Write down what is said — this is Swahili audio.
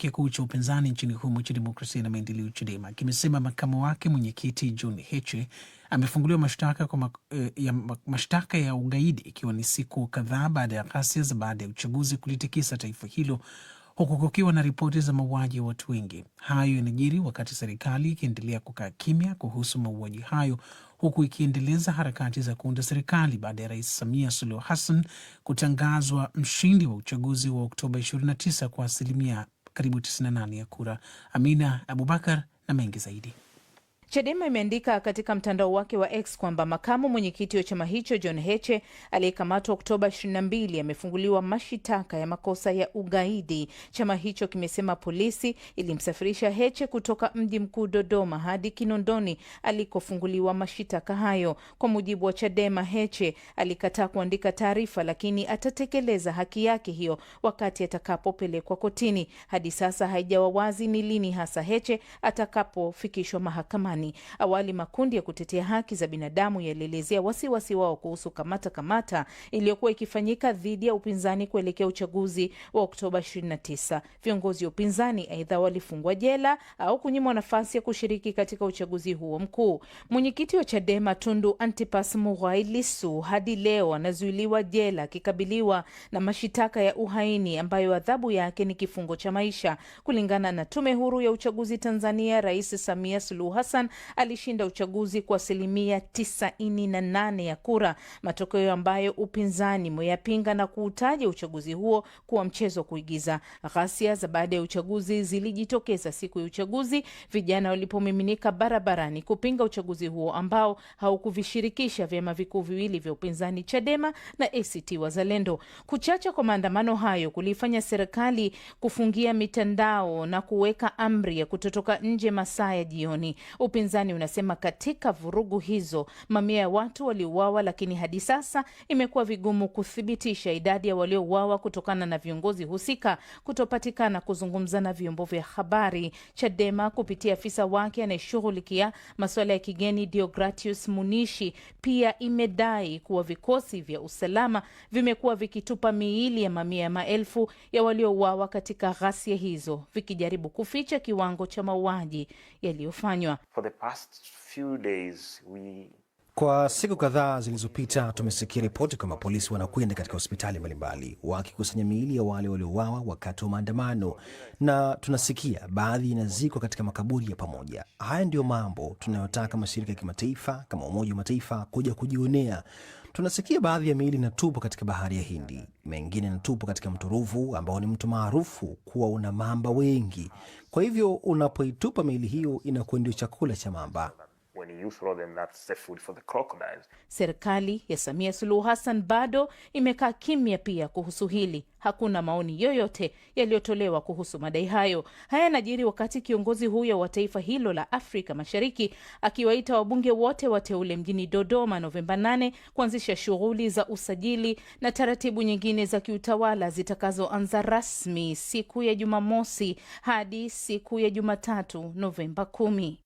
kikuu cha upinzani nchini humo cha Demokrasia na Maendeleo, CHADEMA, kimesema makamu wake mwenyekiti John Heche amefunguliwa mashtaka mak eh, ya mashtaka ya ugaidi ikiwa ni siku kadhaa baada ya ghasia za baada ya uchaguzi kulitikisa taifa hilo huku kukiwa na ripoti za mauaji ya watu wengi. Hayo yanajiri wakati serikali ikiendelea kukaa kimya kuhusu mauaji hayo huku ikiendeleza harakati za kuunda serikali baada ya Rais Samia Suluhu Hassan kutangazwa mshindi wa uchaguzi wa Oktoba 29 kwa asilimia karibu 98 ya kura. Amina Abubakar na mengi zaidi. Chadema imeandika katika mtandao wake wa X kwamba makamu mwenyekiti wa chama hicho John Heche aliyekamatwa Oktoba 22 amefunguliwa mashitaka ya makosa ya ugaidi. Chama hicho kimesema polisi ilimsafirisha Heche kutoka mji mkuu Dodoma hadi Kinondoni alikofunguliwa mashitaka hayo. Kwa mujibu wa Chadema, Heche alikataa kuandika taarifa, lakini atatekeleza haki yake hiyo wakati atakapopelekwa kotini. Hadi sasa haijawa wazi ni lini hasa Heche atakapofikishwa mahakamani. Marekani. Awali makundi ya kutetea haki za binadamu yalielezea wasiwasi wao kuhusu kamata kamata iliyokuwa ikifanyika dhidi ya upinzani kuelekea uchaguzi wa Oktoba 29. Viongozi wa upinzani aidha walifungwa jela au kunyimwa nafasi ya kushiriki katika uchaguzi huo mkuu. Mwenyekiti wa Chadema Tundu Antipas Mughai Lissu hadi leo anazuiliwa jela akikabiliwa na mashitaka ya uhaini ambayo adhabu yake ni kifungo cha maisha. Kulingana na Tume Huru ya Uchaguzi Tanzania, Rais Samia Suluhu Hassan alishinda uchaguzi kwa asilimia 98 ya kura, matokeo ambayo upinzani umeyapinga na kuutaja uchaguzi huo kuwa mchezo wa kuigiza. Ghasia za baada ya uchaguzi zilijitokeza siku ya uchaguzi, vijana walipomiminika barabarani kupinga uchaguzi huo ambao haukuvishirikisha vyama vikuu viwili vya upinzani Chadema na ACT Wazalendo. Kuchacha kwa maandamano hayo kulifanya serikali kufungia mitandao na kuweka amri ya kutotoka nje masaa ya jioni. Upinzani unasema katika vurugu hizo mamia ya watu waliuawa, lakini hadi sasa imekuwa vigumu kuthibitisha idadi ya waliouawa kutokana na viongozi husika kutopatikana kuzungumza na vyombo vya habari. Chadema kupitia afisa wake anayeshughulikia masuala ya kigeni Diogratius Munishi pia imedai kuwa vikosi vya usalama vimekuwa vikitupa miili ya mamia ya maelfu ya waliouawa katika ghasia hizo, vikijaribu kuficha kiwango cha mauaji yaliyofanywa. Kwa siku kadhaa zilizopita tumesikia ripoti kwamba polisi wanakwenda katika hospitali mbalimbali wakikusanya miili ya wale waliouawa wakati wa maandamano, na tunasikia baadhi inazikwa katika makaburi ya pamoja. Haya ndiyo mambo tunayotaka mashirika ya kimataifa kama Umoja wa Mataifa kuja kujionea. Tunasikia baadhi ya miili inatupwa katika bahari ya Hindi, mengine inatupwa katika mto Ruvu ambao ni mto maarufu kuwa una mamba wengi. Kwa hivyo unapoitupa miili hiyo inakuwa ndio chakula cha mamba. Serikali ya Samia Suluhu Hassan bado imekaa kimya pia kuhusu hili. Hakuna maoni yoyote yaliyotolewa kuhusu madai hayo. Haya yanajiri wakati kiongozi huyo wa taifa hilo la Afrika Mashariki akiwaita wabunge wote wateule mjini Dodoma Novemba 8 kuanzisha shughuli za usajili na taratibu nyingine za kiutawala zitakazoanza rasmi siku ya Jumamosi hadi siku ya Jumatatu Novemba kumi.